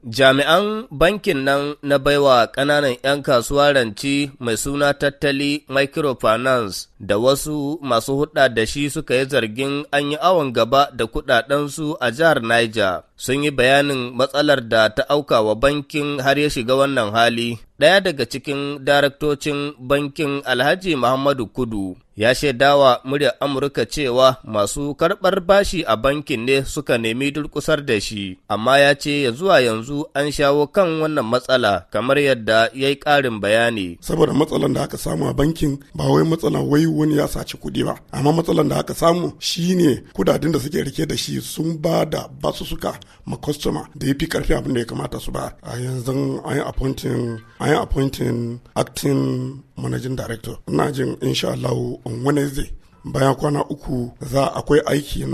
Jami'an bankin nan na baiwa ƙananan ‘yan kasuwa ranci mai suna tattali microfinance da wasu masu hudda da shi suka yi zargin an yi awon gaba da kudadensu a jihar Niger sun yi bayanin matsalar da ta auka wa bankin har ya shiga wannan hali. Ɗaya daga cikin daraktocin bankin Alhaji Muhammadu Kudu ya shaidawa muryar Amurka cewa masu karɓar bashi a bankin ne suka nemi durƙusar da shi, amma ya ce ya zuwa yanzu an shawo kan wannan matsala kamar yadda ya yi ƙarin bayani. Saboda matsalan da aka samu a bankin ba wai matsalan wai wani ya saci kuɗi ba, amma matsalan da aka samu shine kudaden da suke rike da shi sun ba da basu suka ma kwastoma da ya fi ƙarfi abin da ya kamata su ba. A yanzu an yi appointing, an yi appointing acting managing director. Ina jin insha Allah wani zai bayan kwana uku za akwai aiki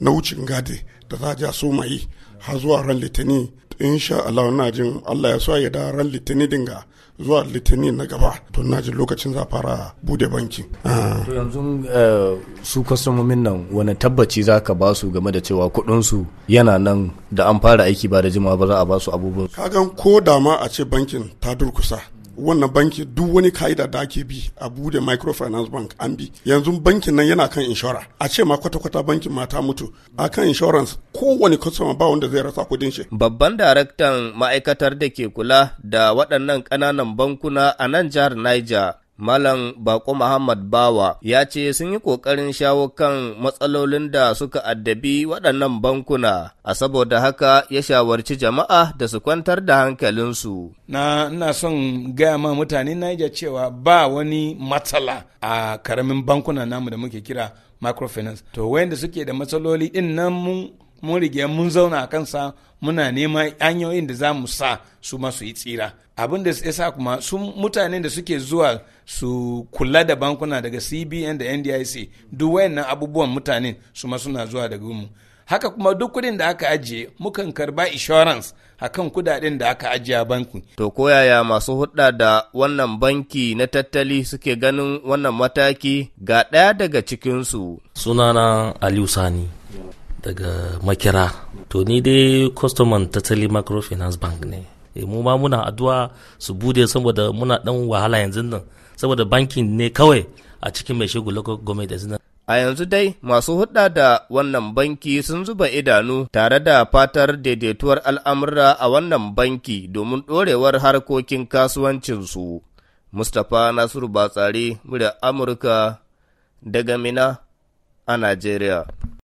na wucin gadi da za a ja so mai har zuwa ran litini insha Allah na jin Allah ya so ya da ran litini dinga zuwa litini na gaba to na ji lokacin za fara bude banki. Ah. to yanzu eh, su kwastomomin nan wani tabbaci za ka ba su game da cewa kuɗin su yana nan da an fara aiki ba da jima ba za a ba su abubuwan. kagan ko da ma a ce bankin ta durkusa wannan banki duk wani ka'ida da ake bi a bude microfinance bank an bi yanzu bankin nan yana kan inshora a ce ma kwata-kwata bankin mata mutu a kan insurance kowane customer ba wanda zai rasa kudin shi babban daraktan ma'aikatar da ke kula da waɗannan ƙananan bankuna a nan jihar niger Malam Bako Muhammad Bawa ya ce sun yi ƙoƙarin shawo kan matsalolin da suka addabi waɗannan bankuna, a saboda haka ya shawarci jama'a da su kwantar da hankalinsu. Na ina son gaya ma mutane Niger cewa ba wani matsala a karamin bankuna namu da muke kira microfinance. To wayanda suke da matsaloli ɗinnan nan mun mun rige mun zauna a kansa muna neman hanyoyin da za mu sa su masu yi tsira abin da ya sa kuma su mutanen da suke zuwa su kula da bankuna daga cbn da ndic duk wayannan abubuwan mutanen su ma suna zuwa daga mu haka kuma duk kudin da aka ajiye mukan karba insurance akan kudaden da aka ajiye a banki. To koyaya masu hudda da wannan banki na tattali suke ganin wannan mataki ga ɗaya daga cikinsu. Sunana Aliyu Sani. daga makira to ni dai kwastoman tattali microfinance bank ne eh, mu ma muna addu'a su bude saboda muna dan wahala yanzu nan saboda bankin ne kawai a cikin mai shigo lokacin gwamnati. yanzu nan A yanzu dai masu hudda da wannan banki sun zuba idanu tare da fatar daidaituwar al'amura a wannan banki domin ɗorewar harkokin kasuwancinsu. Mustapha Nasiru Batsari, murya Amurka daga Mina a Najeriya.